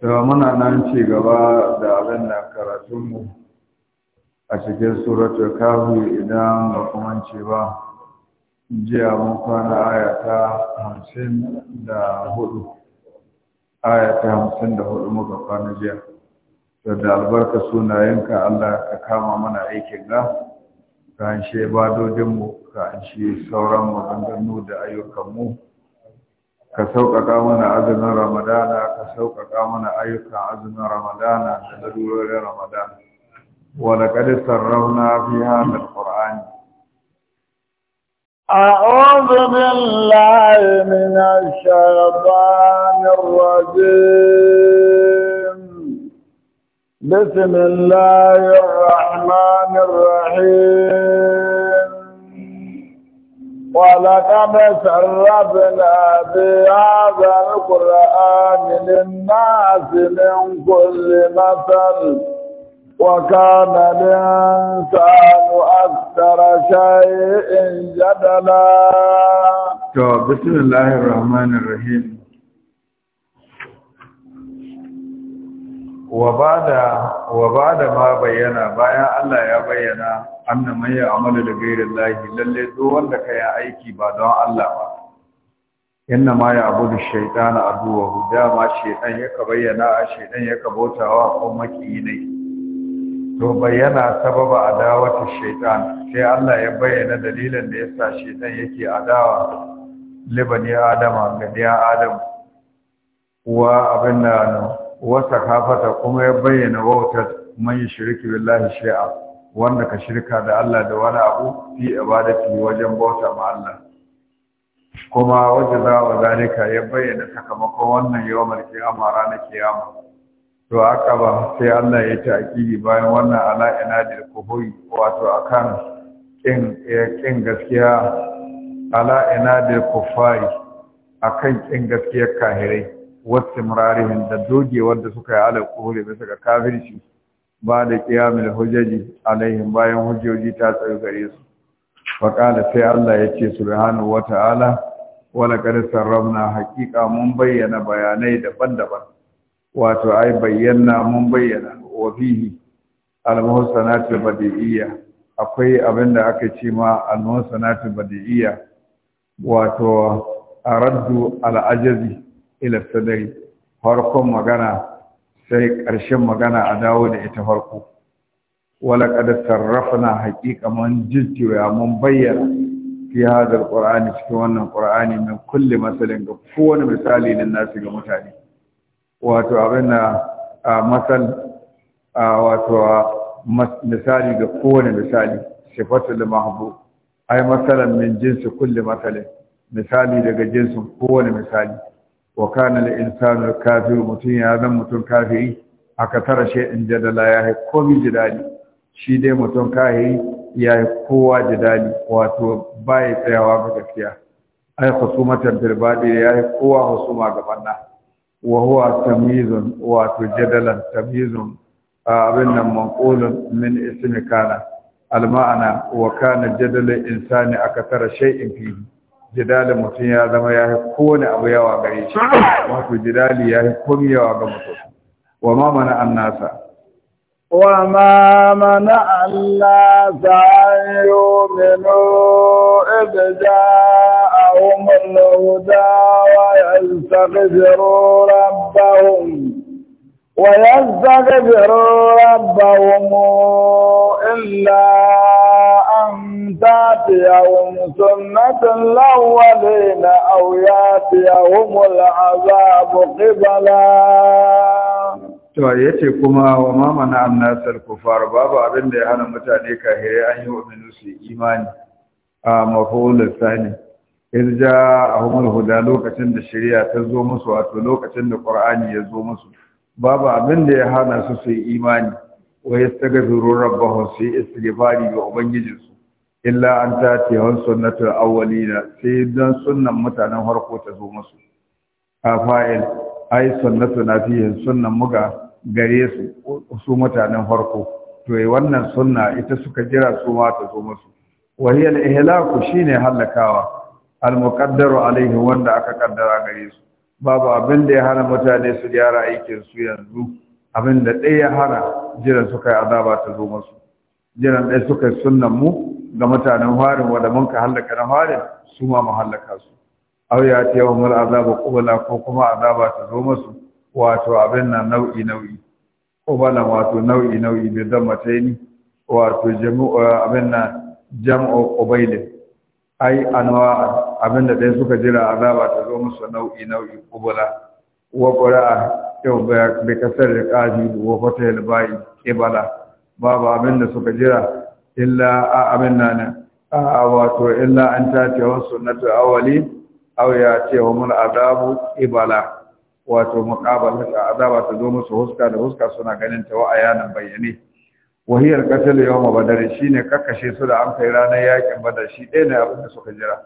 da muna nan ci gaba da abin da karatunmu a cikin suratul kafi idan ba kuma ce ba jiya mun kwana ayata hamsin da hudu ayata hamsin da hudu muka kwana jiya da albarka sunayenka allah ka kama mana aikin ga ka anshe badodinmu ka anshe sauran maganganu da ayyukanmu ka sauƙaƙa mana azumin ramadana ka sauƙaƙa mana ayyukan azumin ramadana da lalurorin ramadana wani ƙadisar rauna fi hannun ƙur'ani أعوذ بالله من الشيطان الرجيم بسم الله الرحمن الرحيم ولقد سربنا بهذا القرآن للناس من كل مثل وكان الإنسان أكثر شيء جدلا بسم الله الرحمن الرحيم wa ba da ma bayyana bayan Allah ya bayyana annan mai amalu da gairin lahi lalle zo wanda ka yi aiki ba don Allah ba inna ma ya abu da shaitan a duwahu ma shaitan ya ka bayyana a shaitan ya ka bautawa ko maki ne to bayyana sababa adawata shaitan sai Allah ya bayyana dalilin da yasa shaitan yake adawa libani adama ga diya adam wa abin da wata kafata kuma ya bayyana wautar man shirki billahi shi'a wanda ka shirka da Allah da wani abu fi ibadati wajen bauta ma Allah kuma wajen zawa zalika ya bayyana sakamakon wannan yawmar kiyama ranar kiyama to haka ba sai Allah ya ta akidi bayan wannan ala inadil kuhuyi wato akan kin eh, kin gaskiya ala akan kin gaskiyar kahirai wasu murarihin da dogewar da suka yi ala kuhuri bisa ga kafirci ba da kiyamil hujjaji alaihim bayan hujjoji ta tsaye gare su faƙala sai Allah ya ce subhanahu wa ta'ala wala qad sarrafna haƙiƙa mun bayyana bayanai daban-daban wato ai bayyana mun bayyana wa fihi al-muhsanatul badi'iyya akwai abinda da aka ce ma al-muhsanatul badi'iyya wato araddu al-ajazi ila sadari farkon magana sai ƙarshen magana a dawo da ita farko wala kada sarrafna haƙiƙa mun jijjiwa mun bayyana fi hadar qur'ani cikin wannan qur'ani min kulli masalin ga kowane misali nan nasu ga mutane wato abin a masal wato misali ga kowane misali sifatul mahbub ai masalan min jinsi kulli masalin misali daga jinsin kowane misali wa kana lil insani kafir mutun ya zan mutun kafiri aka tara shi in jadala ya yi komi jidali shi dai mutun kafiri ya yi kowa jidali wato baya tsayawa ga gaskiya ai khusumatan dirbadi ya yi kowa husuma ga banna wa huwa tamyizun wato jadalan tamyizun abin nan manqulun min ismi kana al ma'ana wa kana jadala insani aka tara shay'in fihi jidalin mutum ya zama ya yi kowane abu yawa gare shi wato jidali ya yi komi yawa ga mutum wa ma mana an nasa wa ma mana an nasa an yi minu ibida a umar huda wa ya istaghfiru rabbahum ويستغفروا ربهم إلا تاتيهم سنة الأولين أو ياتيهم العذاب قبلا to ce kuma wa ma annasar kufar babu abin da ya hana mutane ka hiri an yi wa su imani a mafulul sani irja ahumul huda lokacin da shari'a ta zo musu wato lokacin da Ƙur'ani ya zo musu babu abin da ya hana su su yi imani wa yastaghfiru rabbahum su yi istighfari ga ubangijinsu illa an ta ce wani sunnatul awwalina sai dan sunnan mutanen harko ta zo musu a fa'il ai sunnatu na fiye sunnan muga gare su su mutanen harko to yi eh, wannan sunna ita suka jira su ma ta zo musu wahiyar ihlaku shine halakawa almuqaddaru alaihi wanda aka kaddara gare su babu abin da ya hana mutane su gyara aikin su yanzu abin da ɗaya ya hana jiran suka yi azaba ta zo musu jiran ɗaya suka yi sunnan mu ga mutanen harin wanda mun ka halaka na harin su ma mu halaka su aw ya ta yawm al azaba kubala ko kuma azaba ta zo musu wato abin nan nau'i nau'i qubla wato nau'i nau'i bi ni? wato jam'u abin nan jam'u qubailin ai anwa abin da dai suka jira azaba ta zo musu nau'i nau'i kubala wa qura'a yau bai kasar da qazi wa fatayil bai kibala babu abin da suka jira illa a abin nan wato illa an ta ce wa sunnatu awali aw ya ce wa mul adabu ibala wato muqabala da azaba ta zo musu huska da huska suna ganin ta wa ayanan bayyane wahiyar katal yawm badar shine kakkashe su da an kai ranar yakin badar shi ɗaya ne abin da suka jira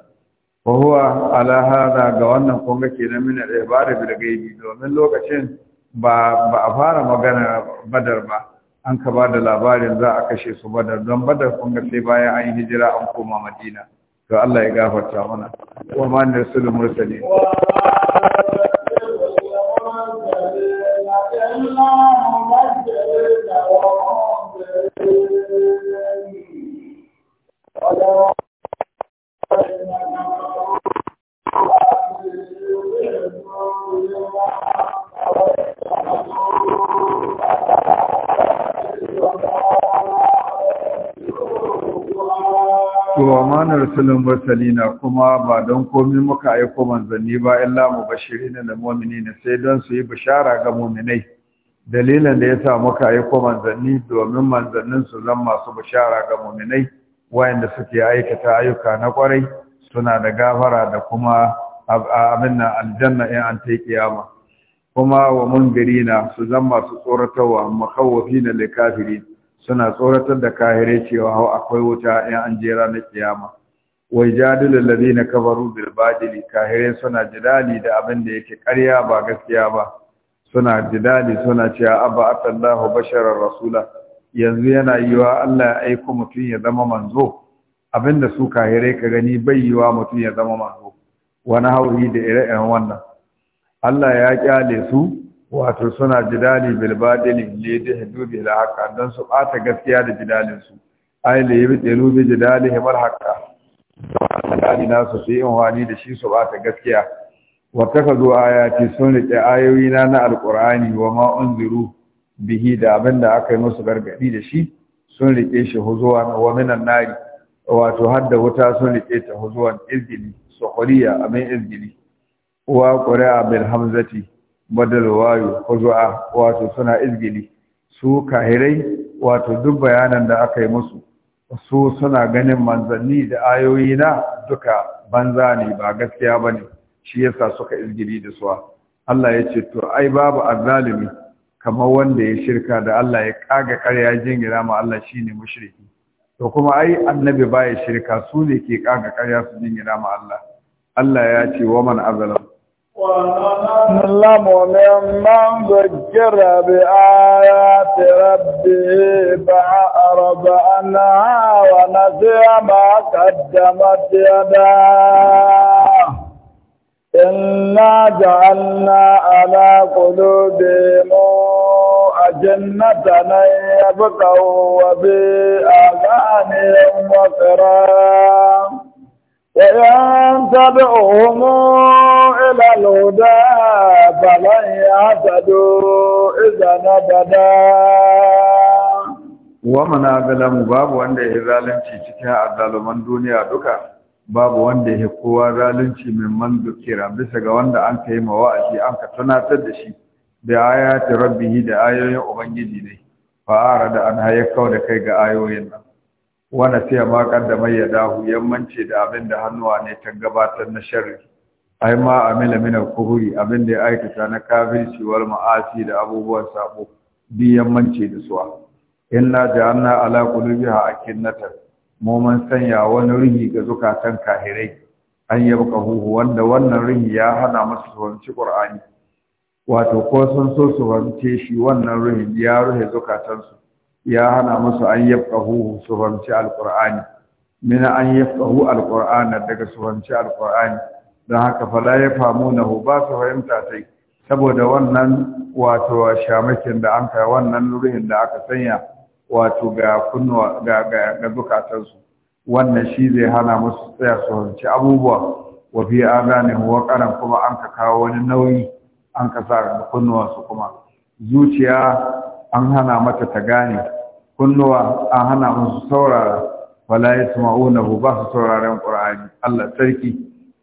wa huwa ala hada ga wannan kun ga kenan min al ibara bil gaibi domin lokacin ba ba a fara magana badar ba an ka ba da labarin za a kashe su badar don badar kun ga sai bayan an yi hijira an koma madina to Allah ya gafarta mana wa ma rasul mursalin Thank you. wa manar sulun na kuma ba don komi muka aiko manzanni ba illa bashiri na da ne sai don su yi bishara ga mu'minai dalilin da ya sa muka aiko manzanni domin manzannin su zan masu bishara ga mu'minai wayanda suke aikata ayyuka na kwarai suna da gafara da kuma abin na aljanna in an ta kiyama kuma wa na, su zan masu tsoratarwa makawafina da kafiri suna tsoratar da kahirai cewa hau akwai wuta 'yan an jera na kiyama wai jadilu ladina na kabaru badili kahire suna jidali da abin da yake karya ba gaskiya ba suna jidali suna cewa abba atallahu basharar rasula yanzu yana yiwa Allah ya aiko mutum ya zama manzo abinda su kahirai ka gani bai yiwa mutum ya zama manzo wani hauhi da ire-iren wannan Allah ya kyale su wato suna jidali bil badili li tahdu bil haqq dan su bata gaskiya da jidalin su ai li yabtilu bi jidalihi mal haqq jidali na su yi wani da shi su bata gaskiya watakazu ayati sun rike ayoyi na na alqur'ani wa ma unziru bihi da abinda aka yi musu gargadi da shi sun rike shi na wa minan nari wato hadda wuta sun rike ta huzuwan izgili sukhriya amin izgili wa ƙuri'a bil hamzati badal wayo kuzu'a wato suna izgili su kahirai wato duk bayanan da aka yi musu su suna ganin manzanni da ayoyi na duka banza ne ba gaskiya bane shi yasa suka izgili da suwa Allah ya ce to ai babu azzalimi kamar wanda ya shirka da Allah ya kaga ƙarya jingira ma Allah shine mushriki to kuma ai annabi baya shirka su ne ke kaga ƙarya su jingira ma Allah Allah ya ce wa man نعلم ممن ذكر بآيات ربه فأعرض عنها ونسي ما قدمت يداه إنا جعلنا على قلوبهم أجنة أن يبقوا وبآذانهم وقرا وإن تدعهم إلى الهدى فلن يهتدوا إذا أبدا ومن أظلم باب وأن ظالمتي تكها الظالمان دنيا دكا babu wanda ya kowa zalunci min man dukira bisa ga wanda an kai mawa'azi an ka tunatar da shi da ayati rabbihi da ayoyin ubangiji ne fa'ara da an haye kau da kai ga ayoyin nan wani sai ma kaddama ya dahu yammanci da abin da hannuwa ne ta gabatar na sharri ai ma amila min al-kuhuri abin da ya aikata na kafirci wal ma'asi da abubuwan sabo bi yammanci da suwa inna ja'alna ala qulubiha akinnatan mu man sanya wani ruhi ga zukatan kahirai an yabka huhu wanda wannan ruhi ya hana musu fahimci qur'ani wato ko sun so su fahimce shi wannan ruhin ya ruhe zukatansu ya hana musu an yafqahu su fahimci alqur'ani min an yafqahu alqur'ana daga su alqur'ani dan haka fa la hu, ba su fahimta sai saboda wannan wato shamakin da an kai wannan ruhin da aka sanya wato ga kunnuwa ga ga wannan shi zai hana musu tsaya su hanci abubuwa wa fi azanin wa karan kuma an ka kawo wani nauyi an ka sa kunnuwansu kuma zuciya an hana mata ta gane kunnuwa an hana musu saurara wala bu ba su sauraren ƙura'ani Allah sarki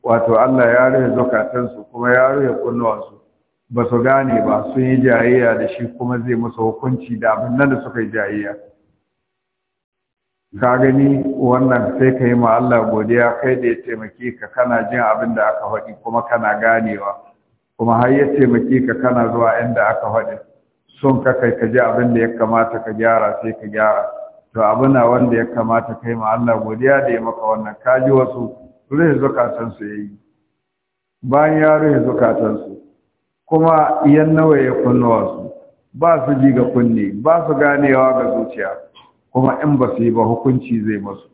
wato Allah ya rufe zukatansu kuma ya rufe kunnuwansu ba su gane ba sun yi jayayya da shi kuma zai musu hukunci da abin nan da suka yi jayayya ka gani wannan sai ka yi ma Allah godiya kai da ya taimake ka kana jin abin da aka faɗi kuma kana ganewa kuma har ya taimake ka kana zuwa inda aka faɗi son ka kai ka ji abin da ya kamata ka gyara sai ka gyara to abin na wanda ya kamata kai ma Allah godiya da ya maka wannan ka ji wasu ruhe zukatan su yayi bayan ya ruhe zukatan su kuma iyan nawa ya kunnuwa su ba su ji ga kunne ba su ganewa ga zuciya kuma in ba su yi ba hukunci zai masu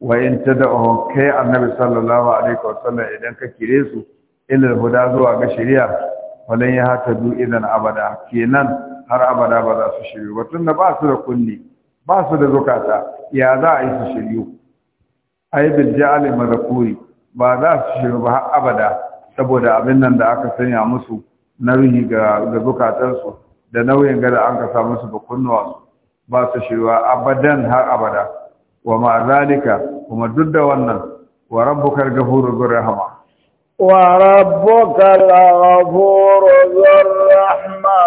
wa in tad'u kai annabi sallallahu alaihi wasallam idan ka kire su ilal huda zuwa ga shari'a falan ya hata du idan abada kenan har abada ba za su shiryu ba tunda ba su da kunni ba su da zukata ya za a yi su shiryu ai bil ja'al mazkuri ba za su shiryu ba har abada saboda abin nan da aka sanya musu nauyi ga ga zukatansu da nauyin gada da an ka sa musu ba kunnuwa ba su ba abadan har abada wa ma kuma duk da wannan wa rabbukal ghafurur rahama وربك الغفور ذو الرحمة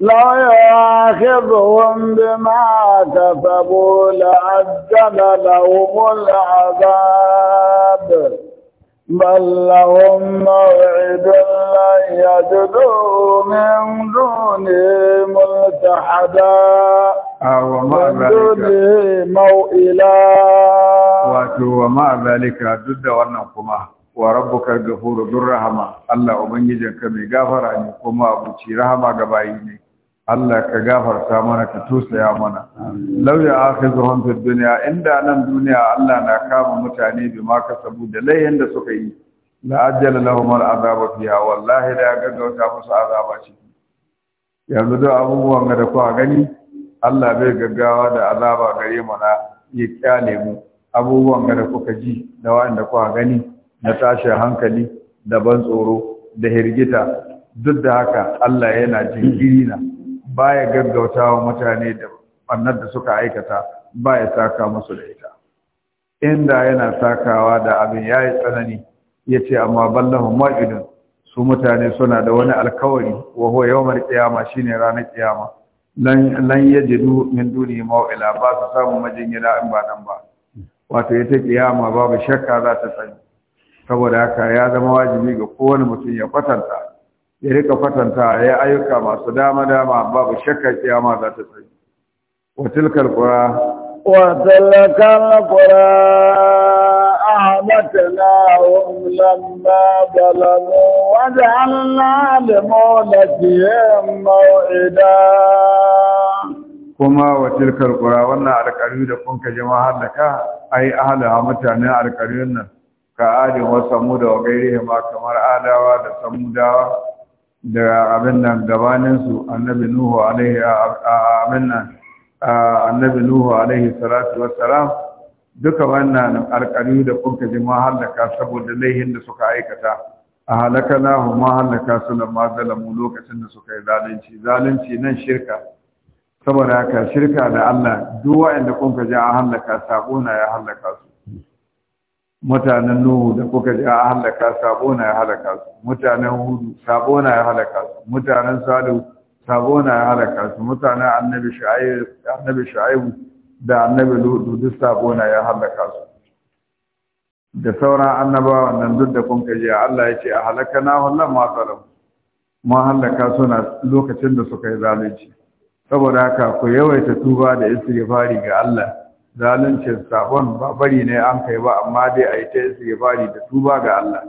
لا يأخذهم بما كسبوا لعجل لهم العذاب بل لهم موعد لن يجدوا من دونه ملتحدا من دونه موئلا وما ذلك ضد ونقمه wa rabbuka ghafuru dur rahama Allah ka mai gafara ne kuma abuci rahama ga bayi ne Allah ka gafarta mana ka tusaya mana law ya akhizuhum fid dunya inda nan duniya Allah na kama mutane bi ma kasabu da layin da suka yi la ajjala lahum al azaba fiha wallahi da ga gauta musu azaba ci yanzu da abubuwan da ku gani Allah bai gaggawa da azaba gare mu na ya kyale mu abubuwan da kuka ji da waɗanda ku gani na tashin hankali da ban tsoro da hirgita duk da haka Allah yana jinkiri na baya gaggautawa mutane da annar da suka aikata baya saka musu da ita inda yana sakawa da abin yayi tsanani yace amma ballahu ma'idun su mutane suna da wani alkawari wa huwa yawmar qiyama shine ranar qiyama lan lan yajidu min duni maw'ila ba su samu majinyira in ba nan ba wato ita kiyama babu shakka za ta tsani saboda haka ya zama wajibi ga kowane mutum ya kwatanta ya rika kwatanta ya ayyuka masu dama dama babu shakka kiyama za ta tsaye -Watilkar na tilkal qura wa tilkal qura ahmatnahum lamma zalamu wa ja'alna limawlatihim maw'ida kuma watilkar kura wannan alƙari da kunka jama'ar da ka ai ahlaha mutanen alƙarin nan ka adin wa samuda wa gairihi ma kamar adawa da samudawa da abin nan gabaninsu annabi nuhu alaihi abin nan annabi nuhu alaihi salatu wassalam duka wannan alƙari da kuka ji mahallaka saboda laihin da suka aikata a halakana hu mahallaka su da mazalamu lokacin da suka yi zalunci zalunci nan shirka saboda haka shirka da Allah duk waanda kuka ji a hallaka sako na ya hallaka su mutanen nuhu da kuka ji a halaka sabo na ya halaka su mutanen hudu sabo na ya halaka su mutanen salu sabo na ya halaka su mutanen annabi shu'aibu da annabi lutu duk sabo na ya halaka su da sauran annabawa nan duk da kun kaji Allah ya ce a halaka na wallan ma salam ma halaka na lokacin da suka yi zalunci saboda haka ku yawaita tuba da istighfari ga Allah zaluncin sabon ba bari ne an kai ba amma dai a yi ta bari da tuba ga Allah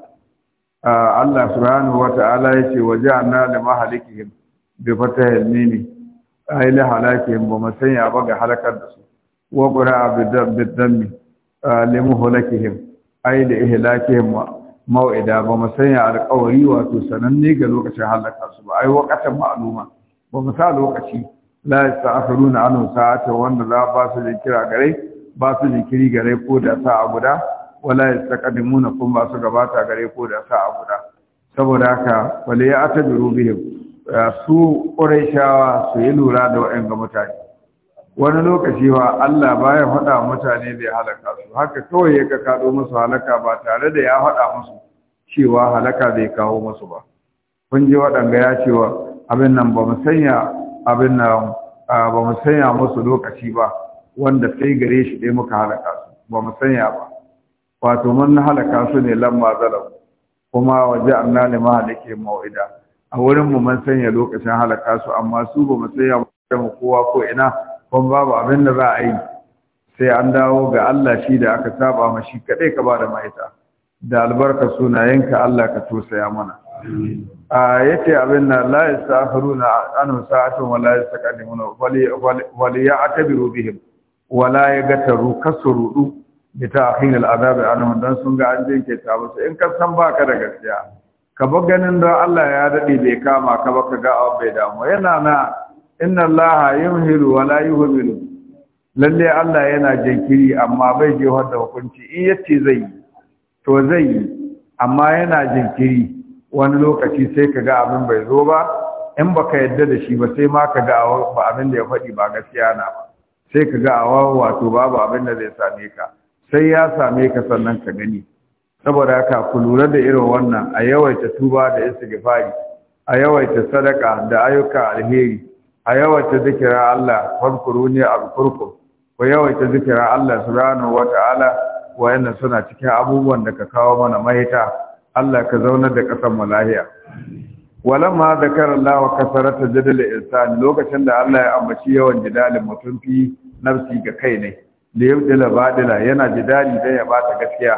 Allah subhanahu wata'ala ya ce waje na da mahalikihim bi fatahil ne a yi halakihim ba masanya ba ga halakar da su wa qura limu dammi a yi da ihilakihim ma mau'ida ba masanya alƙawari wato sananne ga lokacin halakar su ba ai waqatan ma'aluma ba mu sa lokaci la yasta'khiruna anhu sa'ata wanda za ba su jikira gare ba su jikiri gare ko da sa'a guda wala yastaqdimuna kun ba su gabata gare ko da sa'a guda saboda haka wala ya atabiru bihim su quraishawa su yi lura da waɗanda mutane wani lokaci wa Allah baya faɗa mutane da ya halaka su haka kawai ya ka kado musu halaka ba tare da ya faɗa musu cewa halaka zai kawo musu ba kun ji waɗanga ya cewa abin nan ba mu sanya abin na ba mu sanya musu lokaci ba wanda sai gare shi dai muka halaka su ba mu sanya ba wato mun halaka su ne lamma zalam kuma waje anna ne mahalike mawida a wurin mu mun sanya lokacin halaka su amma su ba mu sanya mu kowa ko ina kun babu abin da za a yi sai an dawo ga Allah shi da aka saba mashi shi kadai ka ba da maita da albarka sunayenka Allah ka tosaya mana a yace abin nan haru na anun sa'atun wa la yastaqdimuna wa li ya'tabiru bihim wa la rudu da ta ta'khir al'adab anun don sun ga an jinke ta musu in kasan san baka da gaskiya ka ba ganin don Allah ya dade bai kama ka ba ka ga abu bai damu yana na inna Allah hiru wa yi yuhmilu lalle Allah yana jinkiri amma bai je wadda hukunci in yace zai to zai amma yana jinkiri wani lokaci sai ka ga abin bai zo ba in ba ka yadda da shi ba sai ma ka ga abin da ya faɗi ba gaskiya na ba sai ka ga awa wato babu abin da zai same ka sai ya same ka sannan ka gani saboda haka ku lura da irin wannan a yawaita tuba da istighfari a yawaita sadaka da ayyuka alheri a yawaita zikira Allah a azkurkum ku yawaita zikira Allah subhanahu wata'ala wa'annan suna cikin abubuwan da ka kawo mana mahita Allah ka zaunar da ƙasar mu lahiya walamma zakara Allah wa kasarata jadal insan lokacin da Allah ya ambaci yawan jidalin mutum fi nafsi ga kai ne li badila yana jidali dai ya bata gaskiya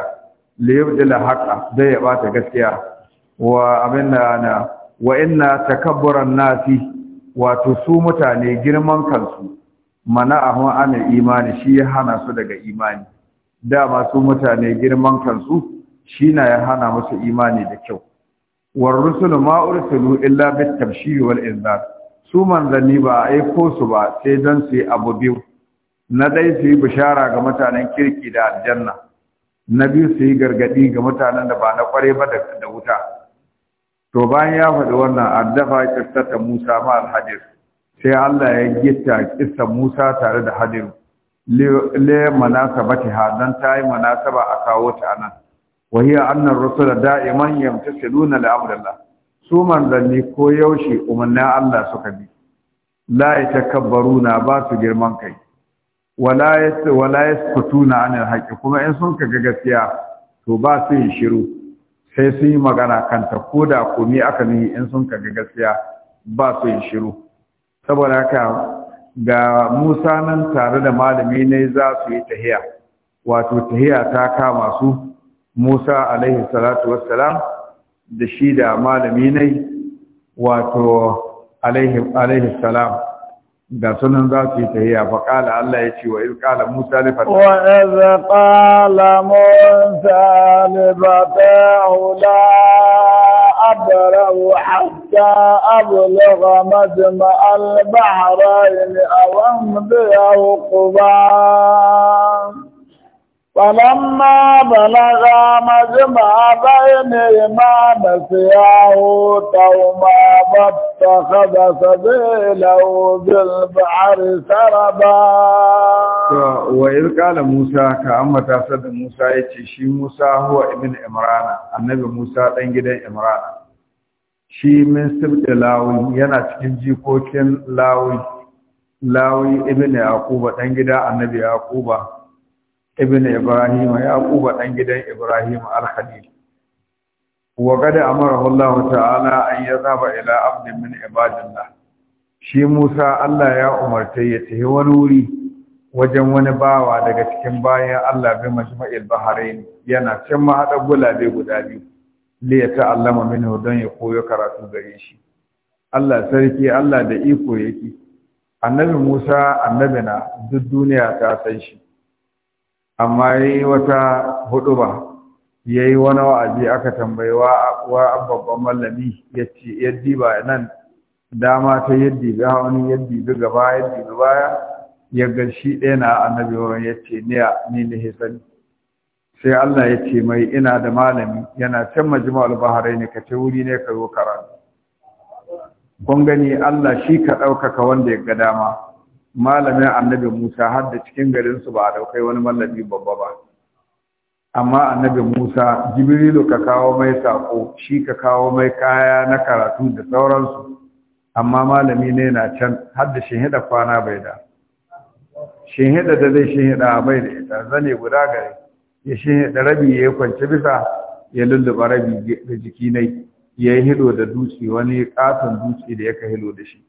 li haqa da ya bata gaskiya wa abinna ana wa inna takabburan nasi wato su mutane girman kansu mana mana'ahum ana imani shi ya hana su daga imani dama su mutane girman kansu shi na ya hana musu imani da kyau war rusulu illa bit tabshiri wal inzar su manzanni ba a aiko su ba sai don su yi abu biyu na ɗai su yi bishara ga mutanen kirki da aljanna na biyu su yi gargadi ga mutanen da ba na ƙware ba da wuta to bayan ya faɗi wannan addafa kistata musa ma alhadir sai allah ya gita kistan musa tare da hadir le manasabatiha don ta yi manasa ba a kawo ta nan wa hiya anna ar manyan da'iman nuna li amrillah su manzanni ko yaushe umarnin Allah suka bi la yatakabbaruna ba su girman kai wala yas wala yasqutuna kuma in sun kaga gaskiya to ba su yi shiru sai su yi magana kanta ko da aka nihi in sun kaga gaskiya ba su yi shiru saboda haka ga Musa nan tare da malami ne za su yi tahiya wato tahiya ta kama su Musa alaihi salatu wassalam da shi da malami ne wato alaihi salam da sunan za su yi tahiya fa kala Allah ya ce wa iz ƙala Musa li fata wa iz kala Musa li fata la abrau hatta ablugha majma al bahrain aw amdi uqba فلما بلغا مجمع بينهما نسيا حوتهما فاتخذ سبيله بالبحر سربا وإذ قال موسى كأما تاسد موسى يتشي موسى هو ابن عمران النبي موسى تنجد gidan عمران shi min sibda lawi yana cikin jikokin لاوي lawi ibn yaquba ɗan gida annabi ibn ibrahim ya kuba dan gidan ibrahim al-khalil wa qad amarahu Allah ta'ala an yazaba ila abdin min ibadillah shi Musa Allah ya umarta ya tafi wani wuri wajen wani bawa daga cikin bayan Allah bi majma'il bahrain yana can mahadar gulabe guda biyu li ya ta'allama minhu don ya koyo karatu gare shi Allah sarki Allah da iko yake annabi Musa na duk duniya ta san shi amma yayi wata huduba yayi wani wa'azi aka tambayi wa babban mallami yace yaddi ba nan dama ta yaddi ga wani yaddi bi gaba yaddi bi baya ya ga shi ɗaya na annabi wurin yace ni ni ne hisani sai Allah ya ce mai ina da malami yana can majma'ul baharai ne ka wuri ne ka zo kun gani Allah shi ka ɗaukaka wanda ya ga dama malamin annabi Musa har da cikin garin su ba a daukai wani mallami babba ba amma annabi Musa Jibrilu ka kawo mai sako shi ka kawo mai kaya na karatu da sauransu amma malami ne na can har da shinhida kwana bai da shinhida da zai shinhida bai da ita zane guda gare ya shinhida rabi ya yi kwance bisa ya lulluɓa rabi da jiki nai ya yi hilo da dutse wani katon dutse da ya ka hilo da shi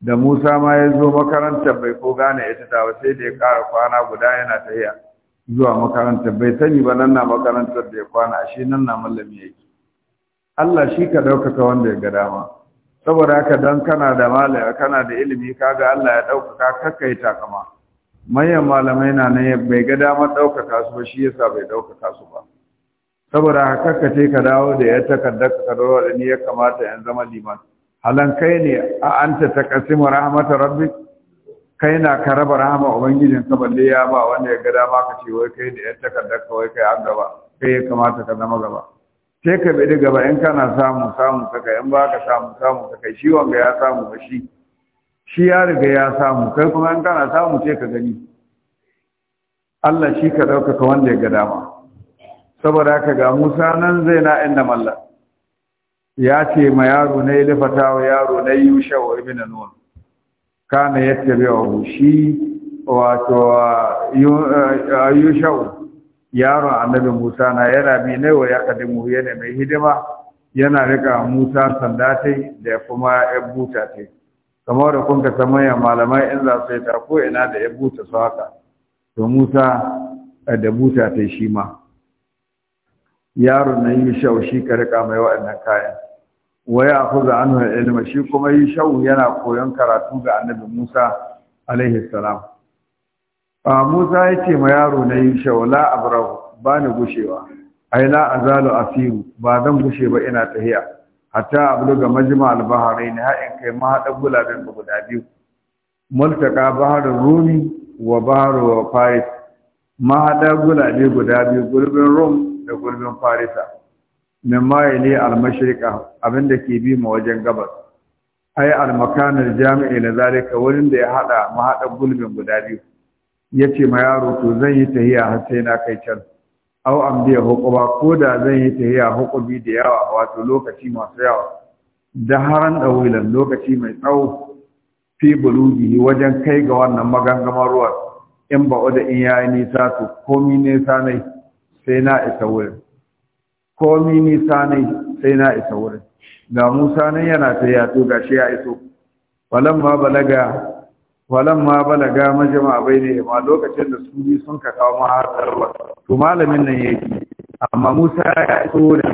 da Musa ma ya zo makarantar bai ko gane ita ta sai da ya ƙara kwana guda yana tafiya zuwa makarantar bai sani ba nan na makarantar da ya kwana ashe nan na mallami yake Allah shi ka ɗaukaka wanda ya ga dama saboda haka dan kana da malaya kana da ilimi kaga Allah ya ɗaukaka kakka yi takama manyan malamai na nan bai ga damar ɗaukaka su ba shi yasa bai ɗaukaka su ba saboda haka kakka ce ka dawo da ya takardar ka dawo da ni ya kamata yan zama liman halan kai ne a an ta taqsimu rahmatar rabbi kai na ka raba rahama ubangijin ka balle ya ba wanda ya ga dama ka ce wai kai da yan takardar ka wai kai an gaba kai ya kamata ka zama gaba sai ka bi gaba in kana samu samu ka kai in baka samu samu ka kai shi wanga ya samu ba shi shi ya riga ya samu kai kuma in kana samu sai ka gani Allah shi ka ɗaukaka wanda ya ga dama saboda haka ga Musa nan zai na inda mallar ya ce ma yaro na lifata wa yaro na yi ibi ibn nun kana yadda bai wa shi wato yushau yaro annabi musa na yana bi ne wa ya mu yana mai hidima yana rika musa sanda tai da kuma yan buta tai kamar da kun ka samaya malamai in za su yi ta ko ina da yan buta su haka to musa eh, da buta tai shi ma yaron nan shau shi ka rika mai waɗannan kayan Wai a waya za anhu ilma shi kuma shau yana koyon karatu ga annabi Musa alaihi salam a Musa ya ce ma yaro na shau la abrahu ba ni gushewa ai la azalu asiru ba zan gushe ba ina tahiya hatta ga majma al ne ne, kai ma gulabin ba guda biyu multaka baharin rumi wa baharul wa ma hada gulabe guda biyu gulbin rum da gulbin farisa min ne al-mashriqa abinda ke bi ma wajen gabas Ai al al jami'i na zalika wurin da ya hada mahada gulbin guda biyu yace ma yaro to zan yi tahiya har sai na kai can aw an biya hukuba ko da zan yi tahiya hukubi da yawa wato lokaci masu yawa da haran dawilan lokaci mai tsawo fi bulugihi wajen kai ga wannan magangamar ruwa in ba'u da in yayi nisa to komi nisa ne sai na isa wurin komi nisa ne sai na isa wurin ga musa nan yana ta yato ga shi ya iso ma balaga ma balaga majama baine ma lokacin da su bi sun ka kawo to malamin nan yake amma musa ya iso da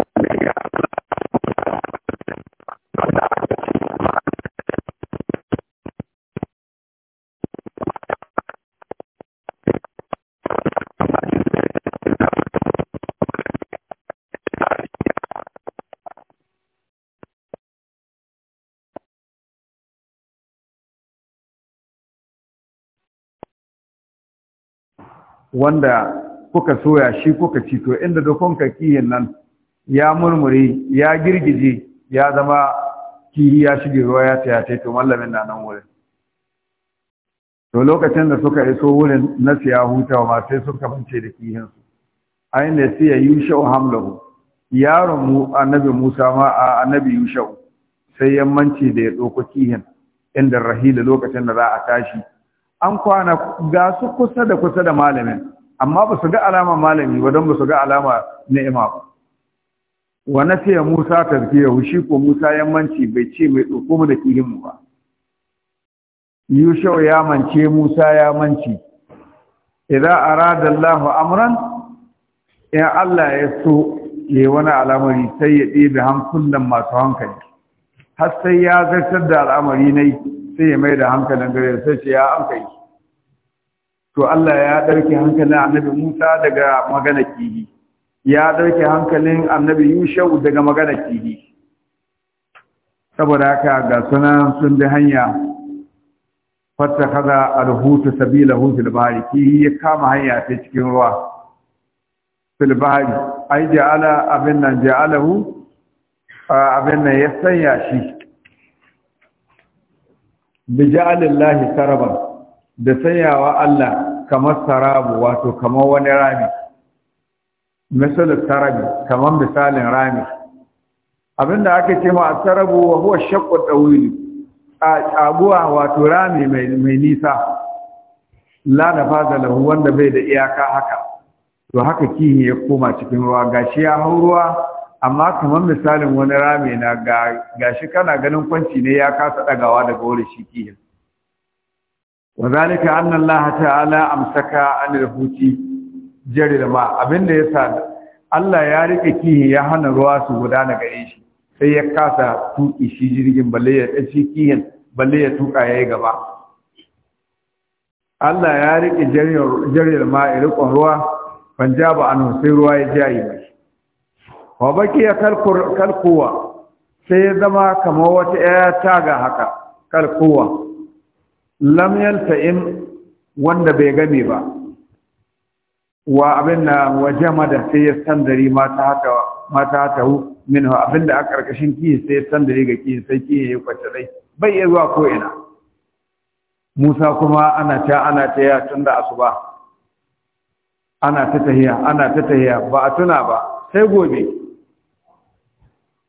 wanda kuka soya shi kuka ci to inda dukkan ka kihin nan ya murmure ya girgije ya zama kihi ya shige ruwa ya tsaya ta to mallamin na nan wurin to lokacin da suka iso wurin na siya hutawa ma sai suka bance da kihin su ayin da sai ya yushau hamlahu yaron mu annabi Musa ma a annabi yushau sai ya yammanci da ya ɗauko kihin inda rahila lokacin da za a tashi an kwana ga su kusa da kusa da malamin amma ba su ga alama malami ba don ba su ga alama ni'ima ba wa fiye Musa tazkiyahu shi ko Musa yammanci bai ce mai doko mu da kilinmu ba yusho ya mance Musa ya manci idan arada Allahu amran in Allah ya so yayi wani al'amari sai ya ɗebe hankulan masu hankali har sai ya zartar da al'amari ne sai ya mai da hankalin gare sai ce ya an kai to Allah ya ɗauki hankalin annabi Musa daga magana kihi ya ɗauke hankalin annabi Yushau daga magana kiri saboda haka ga sunan sun bi hanya fatta kaza alhutu sabila fil bari kihi ya kama hanya ta cikin ruwa fil ai ja'ala abin nan ja'alahu abin nan ya sanya shi bijalillahi saraban da sanyawa Allah kamar sarabu wato kamar wani rami misal sarabi kamar misalin rami Abin da aka ce ma sarabu wa huwa shakku a tsaguwa wato rami mai nisa la nafaza lahu wanda bai da iyaka haka to haka kihi ya koma cikin ruwa gashi ya hau ruwa amma kamar misalin wani rami na ga shi kana ganin kwanci ne ya kasa ɗagawa daga wurin shi kihin wa zalika nan Allah ta'ala amsaka anil huti jarir ma ya sa Allah ya rike kihin ya hana ruwa su gudana gare shi sai ya kasa tuki shi jirgin balle ya shi kihin balle ya tuka yayi gaba Allah ya rike jarir ma ma riƙon ruwa ja ba an sai ruwa ya yi mai wa bakiya kalkuwa sai ya zama kamar wata ‘ya taga haka kalkuwa lam yalta'im wanda bai gami ba wa abin da waje mada sai ya sandari mata haka mata haka hu min abin da a karkashin kiyi sai ya sandari ga kiyi sai kiyi ya kwace dai bai iya zuwa ko ina Musa kuma ana ta ana ta ya tunda asuba ana ta tahiya ana ta tahiya ba a tuna ba sai gobe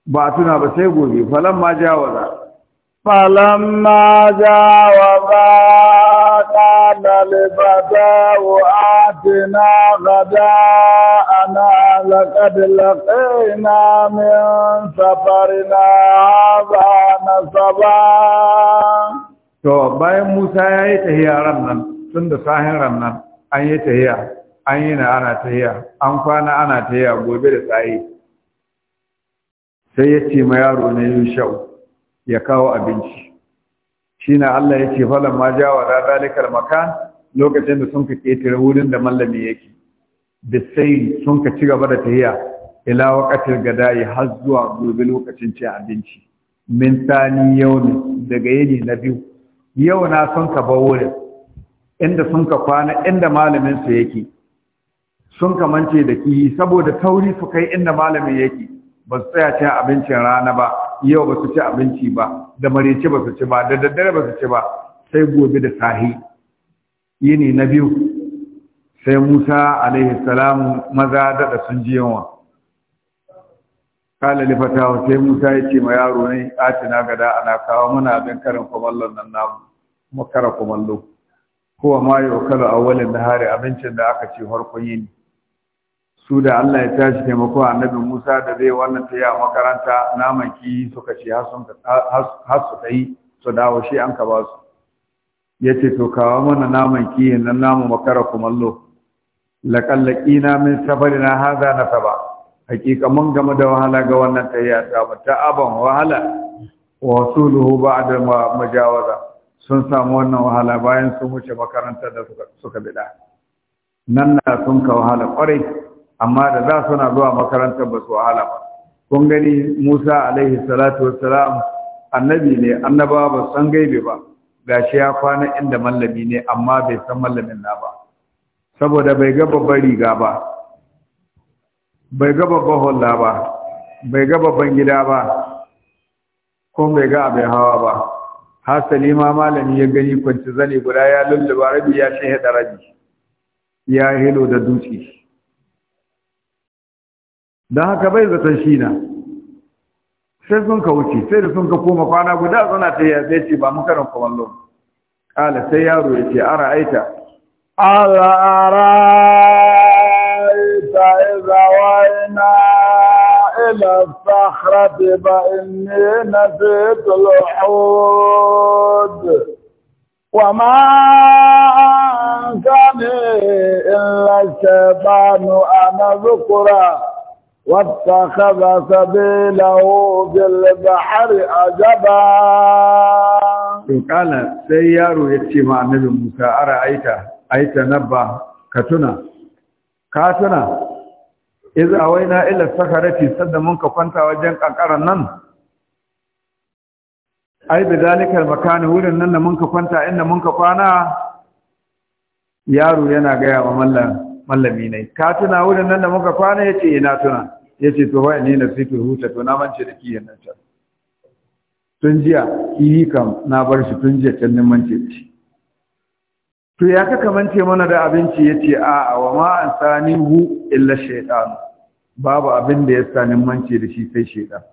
ba tuna ba sai gobe falan ma jawaza فلما جاوزا قال لفتاه آتنا غداءنا لقد لقينا من سفرنا na saba. to bayan Musa ya yi tahiya nan tun da sahin ran nan an yi tahiya an yi na ana tahiya an kwana ana tahiya gobe da tsaye sai ya ce ma yaro na yin shau ya kawo abinci shi na Allah ya ce falon ma ja wa dalikar maka lokacin da sun ka ƙetare wurin da mallami yake da sai sun ka ci gaba da tahiya ila gada gadaye har zuwa gobe lokacin cin abinci min tsani yau ne daga yini na biyu yau na sun ka ba wurin inda sun ka kwana inda malamin su yake sun ka mance da kihi saboda tauri su kai inda malamin yake ba su tsaya cin abincin rana ba yau ba su ci abinci ba da marece ba su ci ba da daddare ba su ci ba sai gobe da sahi yini na biyu sai musa alaihi salam maza daɗa sun ji yawa kala lifatawa sai musa ya ce ma yaro ne atina gada ana kawo mana abin karin kumallon nan namu kuma kara kumallo kowa ma yau kala awalin da hari abincin da aka ce farkon yini su da Allah ya tashi taimako annabi Musa da zai wannan taya makaranta naman ki suka ce har su kai su dawo shi an ka ba su ya ce to kawo mana naman ki na namu makara kumallo laƙallaƙi na min safari na haza na saba hakika mun game da wahala ga wannan yi a ta aban wahala wa ba da majawaza sun samu wannan wahala bayan sun wuce makarantar da suka bida nan na sun ka wahala kwarai amma da za suna zuwa makarantar ba su wahala ba kun gani Musa alaihi salatu wassalam annabi ne annaba ba san gaibe ba gashi ya kwana inda mallami ne amma bai san mallamin na ba saboda bai ga babban riga ba bai ga babban holla ba bai ga babban gida ba ko bai ga abin hawa ba hasali ma malami ya gani kwanci zane guda ya lulluba rabi ya shehe da rabi ya hilo da dutse don haka bai zaton shi na sai sun ka wuce sai da sun ka koma kwana guda zana ta yi zai ce ba makarin kumallo ƙala sai yaro ya ce ara aita ala ara aita iza waina ila sahrati ba inni na al-hud وما أنكني إلا الشيطان أن واتخذ سبيله في البحر عجبا قال sai yaro ya ce ma annabi Musa ara aita aita nabba ka tuna ka tuna iz awaina ila sakarati sadda mun ka kwanta wajen kankaran nan ai da dalikar makani wurin nan da mun ka kwanta inda mun ka kwana yaro yana gaya wa mallan mallami ne ka tuna wurin nan da muka kwana yace ina eh, tuna yace to wai ne na fitu huta to na mance da kiyan nan ta tun jiya yi kam na bar shi tun jiya can mance da shi to ya ka kamance mana da abinci yace a a wa ma an sani hu illa shaytan babu abin da ya sani mance da shi sai shaytan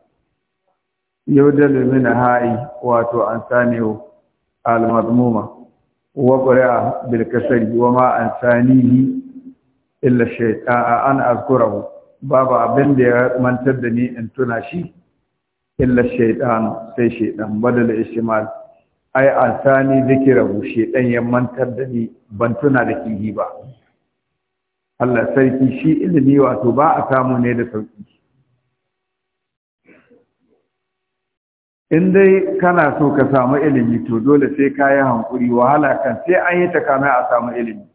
yau da lumina ha'i wato an sani hu al-madmuma wa qara bil kasri wa ma an sanihi illa shaytan an azkurahu babu abin da ya mantar da ni in tuna shi illa shaytan sai shaytan badal ishmal ai asani zikirahu shaytan ya mantar da ni ban tuna da kihi ba Allah sarki shi ilimi wato ba a samu ne da sauki in dai kana so ka samu ilimi to dole sai ka yi hankuri wahala kan sai an yi ta a samu ilimi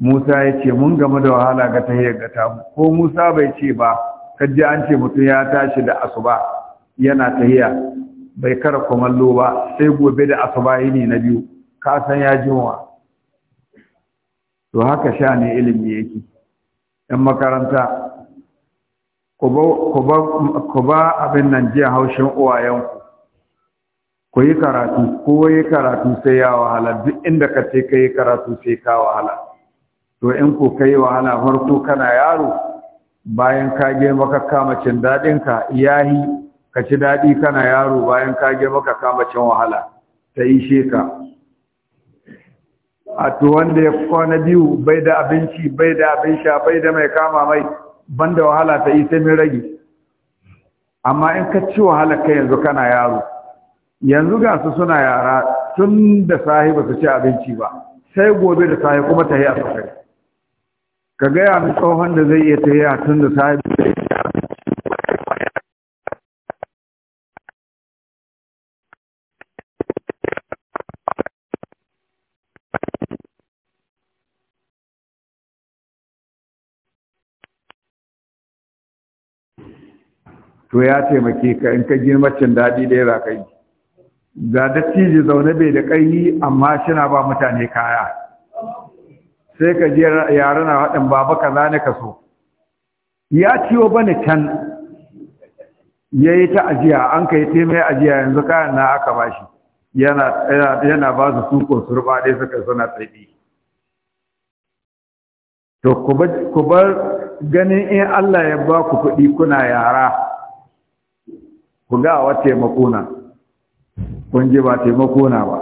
Musa ya ce mun game da wahala ga tahiyar ga gata ko Musa bai ce ba kaji an ce mutum ya tashi da asuba yana tahiya bai kara kumallo ba sai gobe da asuba yini na biyu ka san ya jinwa to haka sha ne ilimi yake ɗan makaranta ku ba abin nan jiya haushin uwayenku ku yi karatu ko yi karatu sai ya wahala duk inda ka ce ka yi karatu sai ka wahala to in ko kai wahala farko kana yaro bayan ka je ka kama cin daɗinka iyahi ka ci daɗi kana yaro bayan ka je maka kama cin wahala ta yi sheka a to wanda ya kwana biyu bai da abinci bai da abin sha bai da mai kama mai banda wahala ta yi sai mai rage amma in ka ci wahala kai yanzu kana yaro yanzu ga su suna yara tun da sahi ba su ci abinci ba sai gobe da sahi kuma ta yi a safari ka gaya mai tsohon da zai iya taya tun da da ya to ya taimake ka in ka girmacin daɗi ɗaya za ka yi ga dattijo zaune bai da ƙayi amma shina ba mutane kaya sai ka je yare na haɗin baba ka zane ka so ya ciwo ba ni can ya yi ta ajiya an ka yi ta mai ajiya yanzu kayan na aka ba shi yana ba su su surba ɗaya suka suna tsaye to ku bar ganin in Allah ya ba ku kuɗi kuna yara ku ga wa taimakona kun ji ba taimakona ba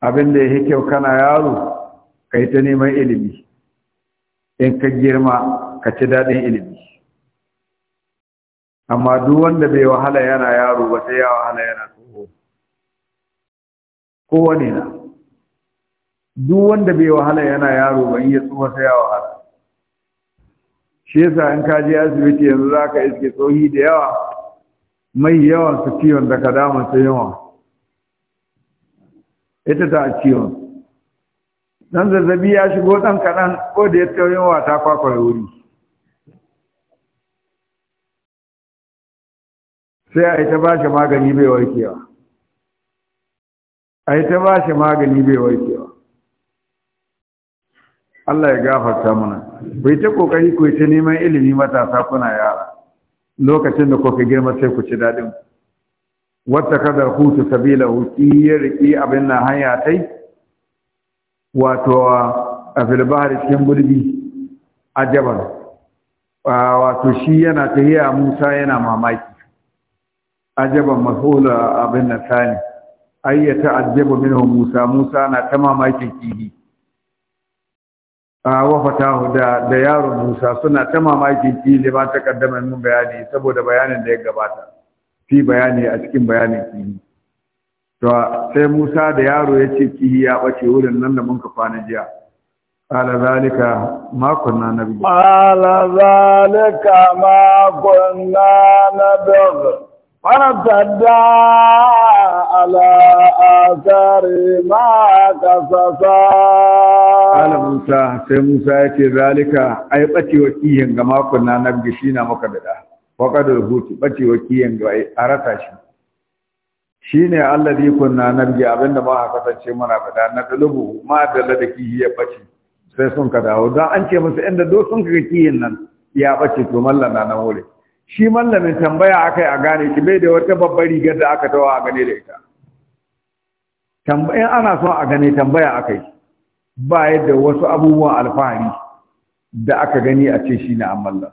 abin da ya kyau kana yaro ka yi ta neman ilimi in ka girma ka ci daɗin ilimi amma duk wanda bai wahala yana yaro ba sai ya wahala yana tsoho kowane na duk wanda bai wahala yana yaro ba iya tsoho sai ya wahala shesa in ka je asibiti yanzu za ka iske tsohi da yawa mai yawan su ciwon da ka damun su yawa ita ta ciwon dan zazzabi ya shigo dan kaɗan ko da ya tauyin wata kwakwai wuri sai a yi ta ba shi magani bai warkewa a ta ba shi magani bai warkewa Allah ya gafarta mana bai ta kokari ku ta neman ilimi matasa kuna yara lokacin da kuka girma sai ku ci daɗin wata kadar hutu sabila hutu ya riƙi abin na hanya tai wato a filbahar cikin gulbi a jabal wato shi yana tahiya musa yana mamaki ajaban masula abin na sani ayyata ajaba minhu musa musa na ta mamakin kihi a wafatahu da da yaron musa suna ta mamakin kihi ba ta kaddama mun bayani saboda bayanin da ya gabata fi bayani a cikin bayanin kihi to sai Musa da yaro ya ce kihi ya bace wurin nan da mun ka kwana jiya ala zalika ma kunna nabi ala zalika ma kunna nabi فارتدى على آثار ya قصصا قال موسى سي موسى يتي ذلك أي بتي وكيهن كما كنا نبجي شينا مكبدا وقد الهوت ga وكيهن أرتا shi shine alladhi kunna nabgi abinda ba kasance muna fada na dulubu ma da ladaki ya bace sai sun ka dawo dan an ce musu inda do sun ka kiyin nan ya bace to mallam na nan wuri shi mallamin tambaya akai a gane ki bai da wata babbar rigar da aka tawa a gane da ita in ana son a gane tambaya akai ba yadda wasu abubuwan alfahari da aka gani a ce shi ne mallam.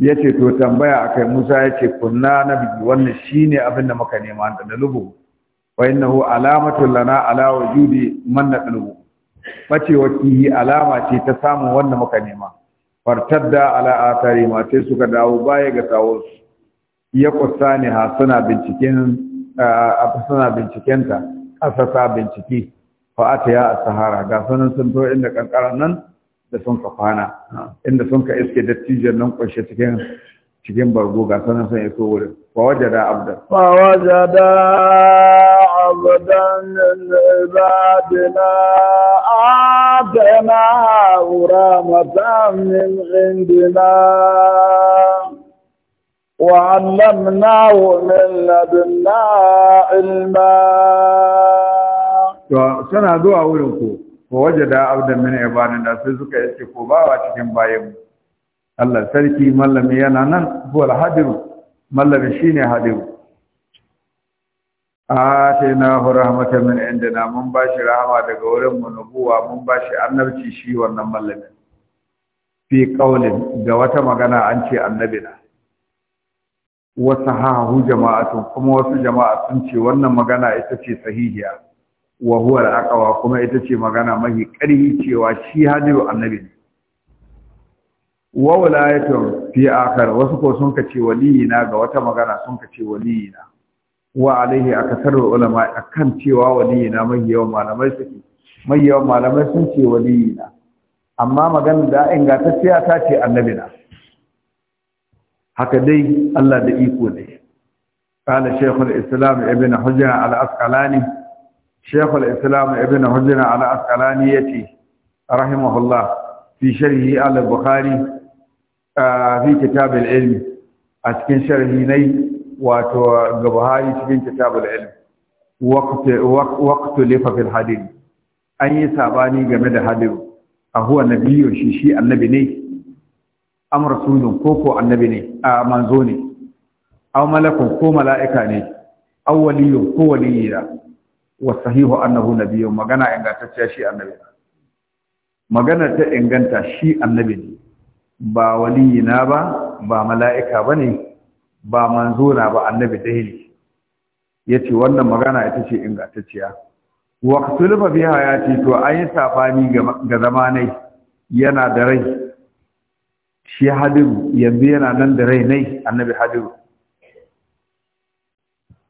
ya ce to tambaya akai musa ya ce kunna na biyu wannan shi abin da muka nema da dalubu wa innahu alamatun lana ala wujudi man na dalubu bacewa kihi alama ce ta samun wannan muka nema fartadda ala atari ma sai suka dawo baya ga tawo ya kusani ha suna binciken suna bincikenta asasa bincike fa ata ya sahara ga sunan sun to inda kankaran nan da sun ka kwana inda sun ka iske dattijan nan kunshe cikin cikin bargo ga sanan san iso wurin fa da abdan fa wajada abdan ibadina na rahmatan min indina وعلمناه من لدنا علما. سنة دعاء ولكم ko waje da abdan min da sai suka yace ko bawa cikin bayan Allah sarki mallami yana nan huwal hadir mallami shine hadir atina hu rahmatan min na mun bashi rahama daga wurin mu nubuwa mun bashi annabci shi wannan mallami fi kaunin, ga wata magana an ce annabi na. wasu hahu jama'atun kuma wasu jama'a sun ce wannan magana ita ce sahihiya wa huwa al-aqwa kuma ita ce magana mafi ƙarfi cewa shi hadiru annabi wa walayatun fi akhar wasu ko sun kace waliyina ga wata magana sun kace waliyina wa alaihi akasaru ulama akan cewa waliyina mai yawan malamai suke mai yawan malamai sun ce waliyina amma magana da ingantacciya ta ce annabina haka dai Allah da iko ne قال شيخ الإسلام ابن al الأسقلاني shekul islam ibn hujjina al-asqalani ya ce rahimahullah fi sharhi al-bukhari fi kitab al a cikin sharhi nai wato ga buhari cikin kitab al-ilmi waqtu lifa an yi sabani game da hadith a huwa nabiyyu shi annabi ne am rasulun ko ko annabi ne ne malakun ko mala'ika ne aw ko waliyya Wasahihu annahu nabiyyu magana ingantacciya shi annabi magana ta inganta shi annabi ba waliyina ba ba mala'ika bane ba manzo ba annabi dai ne yace wannan magana ita ce ingantacciya wa qtulfa biha yati to ayi safani ga zamanai yana da rai shi hadiru yanzu yana nan da rai nai annabi hadiru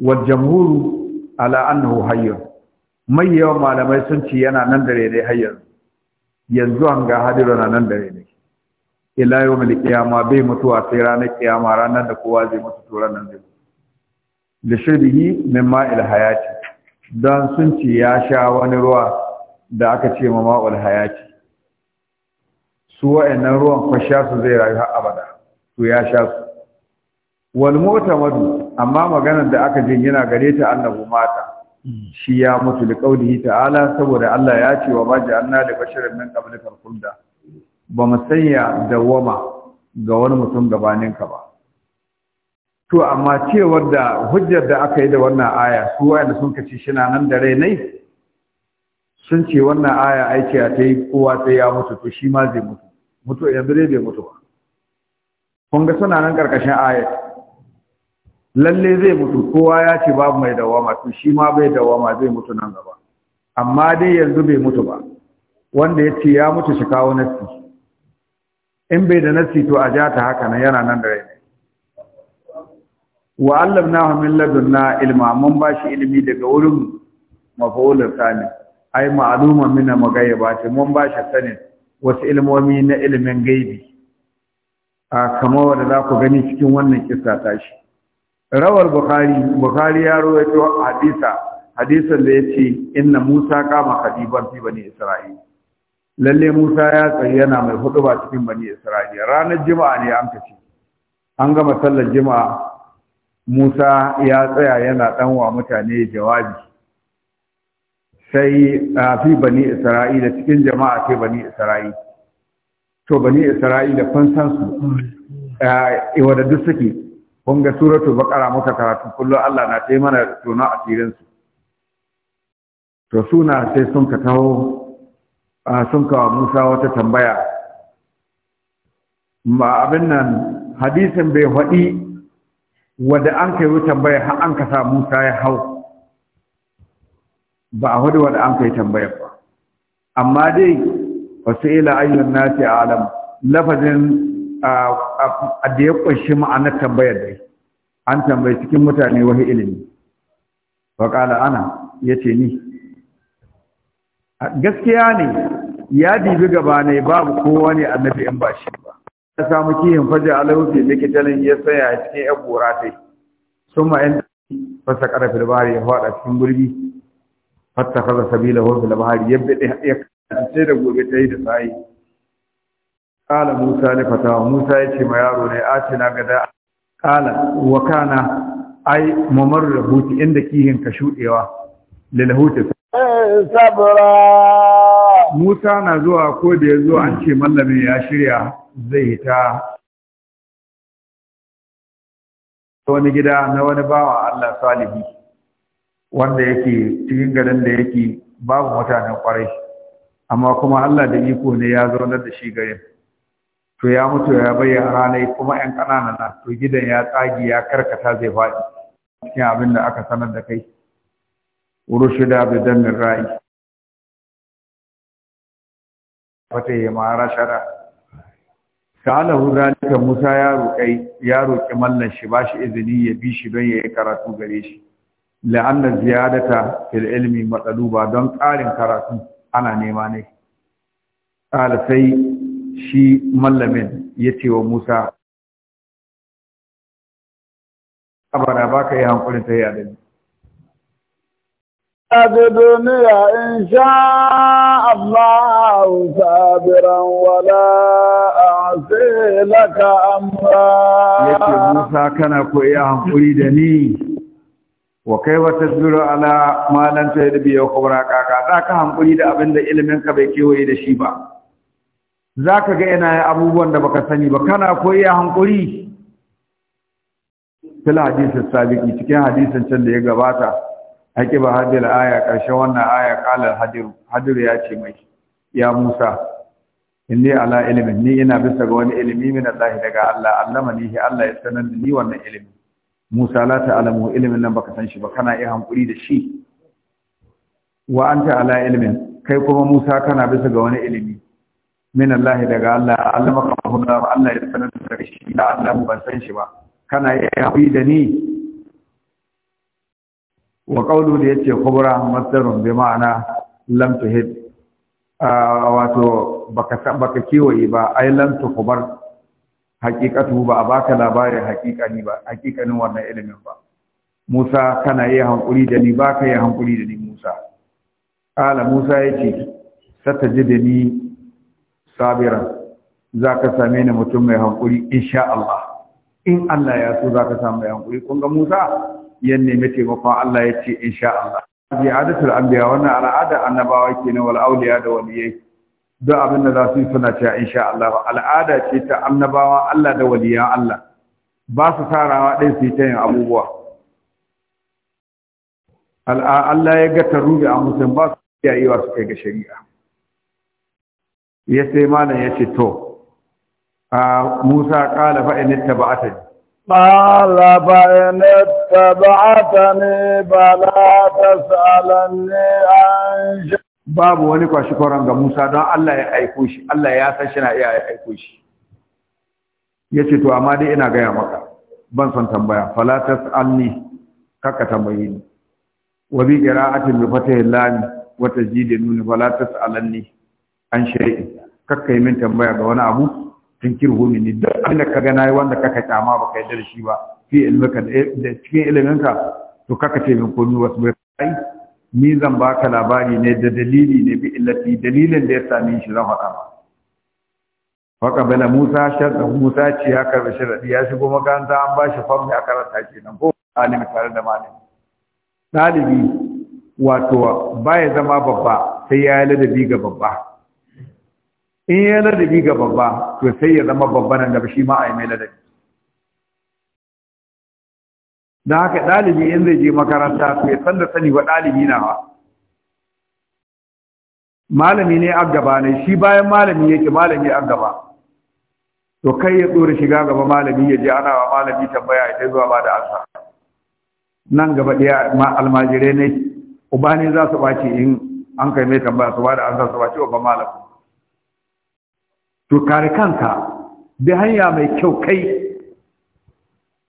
wa jamhuru ala annahu hayyun mai yawan malamai sun ce yana nan da rere hayyun yanzu an ga hadiru na nan da rere ila yawmil qiyama bai mutuwa sai ranar qiyama ranar da kowa zai mutu to ranar zai da shirbihi min il hayati don sun ce ya sha wani ruwa da aka ce ma ma'ul hayati su wa'annan ruwan kwasha su zai rayu har abada to ya sha su wal mu'tamadu amma maganar da aka yana gare ta annabu mata shi ya mutu da kaulihi ta'ala saboda Allah ya ce wa baji anna da basharin min qablikal khulda ba mu sanya dawama ga wani mutum gabanin ka ba to amma cewar da hujjar da aka yi da wannan aya su wanda sun kace shi na nan da rai sun ce wannan aya aiki a ta yi kowa sai ya mutu to shi ma zai mutu mutu ya dai bai mutu ba kun ga suna nan karkashin ayat lalle zai mutu kowa ya ce babu mai dawama to shi ma bai dawama zai mutu nan gaba amma dai yanzu bai mutu ba wanda ya ce ya mutu shi kawo nassi in bai da nassi to a ja ta haka nan yana nan da rai wa allamnahu min ladunna ilma mun ba shi ilimi daga wurin mafa'ulul sani ai ma'luman min ce mun ba shi sanin wasu ilmomi na ilimin gaibi a kamar wanda za ku gani cikin wannan kisa tashi rawar bukhari bukhari ya rawaito hadisa hadisan da yace inna musa kama khadiban fi bani isra'il lalle musa ya tsaye yana mai ba cikin bani isra'il ranar juma'a ne an kace an gama sallar juma'a musa ya tsaya yana dan wa mutane jawabi sai fi bani isra'il cikin jama'a ce bani isra'il to bani isra'il kun san su wadda duk suke kun ga suratul baqara muka karatu kullu Allah na tai mana tona asirin su to suna sai sun ka taho sun ka Musa wata tambaya ba abin nan hadisin bai faɗi wanda an kai wuce tambaya har an ka sa Musa ya hau ba a hudu wadda an kai tambaya ba amma dai wasu ila ayyun nasi alam lafazin a da ya kunshi ma'anar tambayar dai an tambayi cikin mutane wahi ilimi faƙala ana ya ce ni gaskiya ne ya dibi gaba ne babu kowa ne annabi in ba shi ba ya samu kihin fajar alawufi kitalin ya tsaya cikin yan gora ta yi sun ma'in fasa ƙarfi labari ya faɗa cikin gurbi fatta kaza sabila hofi labari ya biɗe ya kasance da gobe ta yi da tsayi ƙala musa ne fatawa musa ya ce ma yaro ne a na gada ƙala wa kana ai mamar rahuti inda kihin ka shuɗewa lilhuti sabra musa na zuwa ko da ya zo an ce mallamin ya shirya zai ta wani gida na wani bawa Allah salihi wanda yake cikin garin da yake babu mutanen kwarai amma kuma Allah da iko ne ya zaunar da shi garin to ya mutu ya bayyana ranai kuma yan ƙananan na to gidan ya tsagi ya karkata zai faɗi cikin abin da aka sanar da kai urushida da damin ra'i wata yi ma rashara sa'alahu zalika musa ya roƙi ya roƙi mallan shi ba shi izini ya bi shi don ya yi karatu gare shi la'anna ziyadata fil ilmi matsaluba don ƙarin karatu ana nema ne qala shi mallamin ya ce wa Musa, "Abara ba ka yi hankulin ta yi adali." Ƙaji duniya in sha Allah Allahun sabiran wala a laka amma. Ya ce Musa kana ko koya hankuli da ni, wa kai wata zuru ala malanta da biyar kubra kaka, za ka hankuli da abin da ilimin ka bai kewaye da shi ba. za ka ga yana abubuwan da baka sani ba kana koyi a hankuri fil hadisin sabiki cikin hadisin can da ya gabata ba hadir aya ƙarshen wannan aya ƙalar hadiru hadiru ya ce mai ya musa inni ala ilimin ni ina bisa ga wani ilimi min Allah daga Allah allama ni Allah ya sanar da ni wannan ilimi musa la ta'lamu ilimin nan baka san shi ba kana iya hankuri da shi wa anta ala ilimin kai kuma musa kana bisa ga wani ilimi min Allah daga Allah Allah maka huda Allah ya sanar da shi da Allah ban san shi ba kana yi hafi da ni wa qawlu da yace kubra masdarun bi ma'ana lam tuhid wato baka baka kiwaye ba ai lam tukhbar Hakikatu, ba a baka labarin hakikani ba haqiqanin wannan ilimin ba Musa kana yi hankuri da ni Ba ka yi hankuri da ni Musa Ƙala Musa ya ce, sata ji da ni. sabiran za ka same ni mutum mai hankuri insha Allah in Allah ya so za ka same mai hankuri kun ga Musa Yan nemi taimakon Allah ya ce insha Allah bi adatul anbiya wannan al'ada annabawa kenan wal auliya da waliyai duk abin da za su yi suna cewa insha Allah al'ada ce ta annabawa Allah da waliyan Allah ba su tarawa ɗaya su yi ta yin abubuwa Allah ya ga tarubi a mutum ba su iya yi wa su kai ga shari'a ya sai malam ya ce to a musa kala fa in tabata قال فإن ni فلا تسألني عن an babu wani kwashi koran ga Musa don Allah ya aiko shi, Allah ya san shi na iya aiko shi. Ya ce, To, amma dai ina gaya maka, ban son tambaya, falatas alni, kaka tambaye ni. Wabi ƙira'atin bi fata lami wata tajidi da nuni falatas alanni an shari'i. kakka yi min tambaya ga wani abu tun tunkirhu minni duk abinda ka gana yi wanda kaka kyama baka yadda da shi ba fi ilmika da cikin iliminka to kaka ce min komai wasu bai kai ni zan baka labari ne da dalili ne bi illati dalilin da ya sami shi zan faɗa ba faka bala musa shadda musa ce ya karbi sharadi ya shigo makaranta an ba shi famni a karanta nan ko alimi tare da malami ɗalibi wato ba ya zama babba sai ya yi ladabi ga babba in yi ladabi ga babba to sai ya zama babba nan gaba shi ma a yi mai ladabi da haka ɗalibi in zai je makaranta to ya san da sani wa ɗalibi na wa malami ne a gaba ne shi bayan malami yake malami a gaba to kai ya tsora shiga gaba malami ya je ana wa malami tambaya ita zuwa ba da ansa nan gaba ɗaya almajirai ne uba ne za su ɓace in an kai mai tambaya su ba da ansa su ɓace wa ba malamin to kare kanka bi hanya mai kyau kai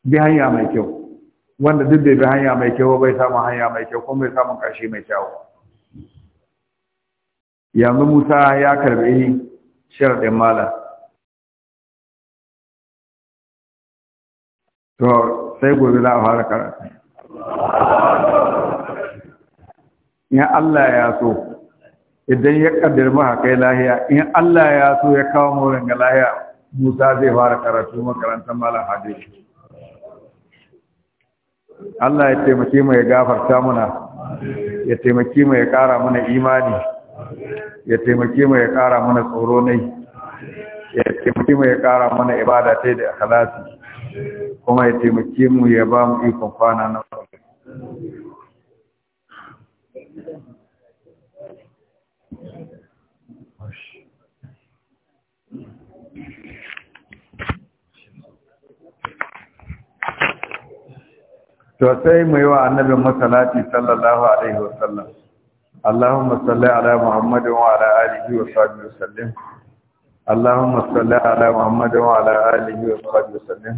bi hanya mai kyau wanda duk da bi hanya mai kyau bai samu hanya mai kyau kuma bai samu ƙarshe mai kyau yanzu Musa ya karbi sharaɗin malam to sai gobe za a fara karatu ya Allah ya so idan ya kaddar ma kai lahiya in Allah ya so ya kawo mu ga lahiya Musa zai fara karatu makarantar malam hadisi Allah ya taimake mu ya gafarta muna ya taimake mu ya ƙara mana imani ya taimake mu ya ƙara mana tsoro nai ya taimake mu ya ƙara mana ibada ta da ikhlasi kuma ya taimake mu ya ba mu ikon kwana na to sai mu yi wa annabi masalati sallallahu alaihi wasallam Allahumma salli ala Muhammad wa ala alihi wa sahbihi wasallam Allahumma salli ala Muhammad wa ala alihi wa sahbihi wasallam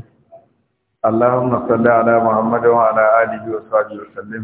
Allahumma salli ala Muhammad wa ala alihi wa sahbihi wasallam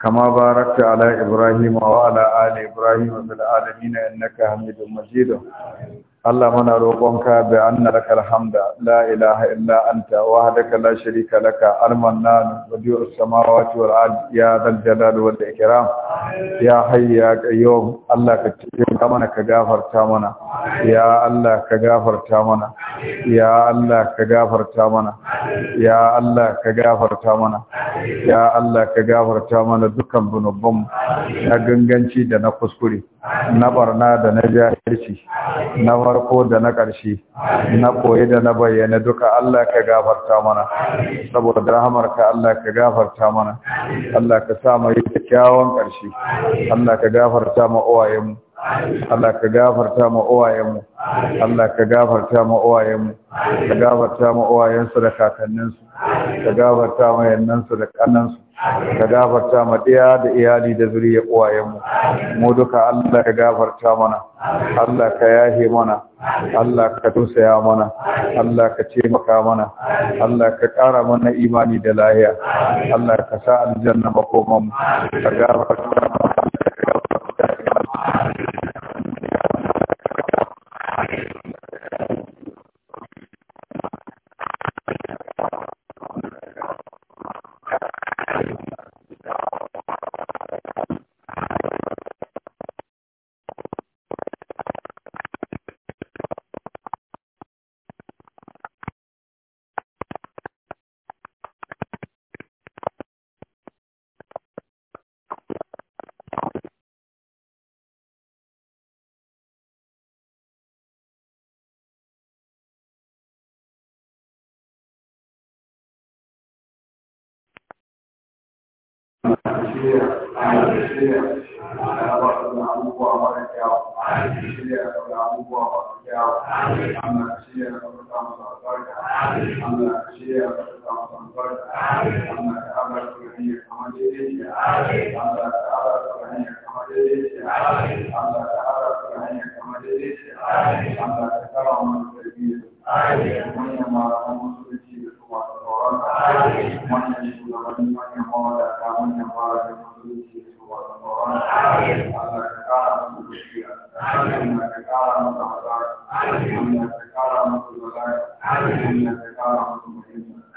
كما باركت على إبراهيم وعلى آل إبراهيم في العالمين إنك حميد مجيد Allah muna roƙonka bi anna laka alhamda la ilaha illa anta wahdaka la sharika laka al-mannan badi'u samawati wal ardi ya dal jalal wal ikram ya hayy ya qayyum Allah ka taimaka mana ka gafarta mana ya Allah ka gafarta mana ya Allah ka gafarta mana ya Allah ka gafarta mana ya Allah ka gafarta mana dukkan zunubanmu na ganganci da na kuskure na barna da na jahilci na farko da na ƙarshe na koyi da na bayyana duka Allah ka gafarta mana saboda rahamarka Allah ka gafarta mana Allah ka sa mu yi kyawun ƙarshe Allah ka gafarta mu uwayenmu Allah ka gafarta ma uwayenmu Allah ka gafarta ma uwayenmu ka gafarta ma uwayensu da kakanninsu ka gafarta ma yannansu da kannansu ka gafarta ma ɗaya da iyali da zuri ya uwayenmu mu duka Allah ka gafarta mana Allah ka yahe mana Allah ka tausaya mana Allah ka taimaka mana Allah ka ƙara mana imani da lahiya Allah ka sa aljanna makomanmu ka gafarta mana Allah shi ya rubuta masa albarka Allah shi ya rubuta masa albarka Allah a Allah ka kara mana da su masu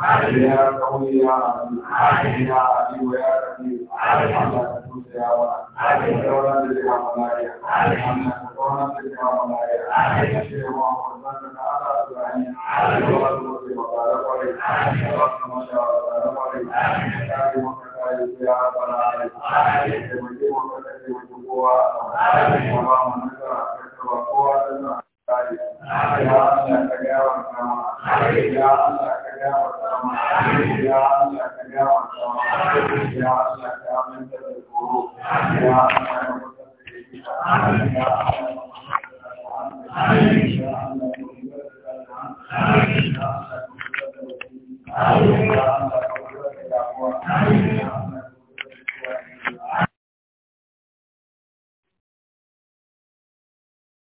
يا قوي يا عزيز يا علي ويا كبير على نفوس يا وعد ولا تدري وملايا أن تكون تدري وملايا الشيء ما قدمت على أسرعين ولا تدري وبارك عليك اللهم يا بارك عليك يا مكتاي يا بارك عليك مجيب وكتاي وجبوا اللهم نجر وقوة لنا يا الله يا الله gafarta mana ya Allah ka gafarta mana ya Allah ka aminta da tsoro ya Allah ka mutunta da kita ya Allah ka da al'amari ya Allah ka da al'amari ya Allah ka da damuwa ya Allah ka mutunta da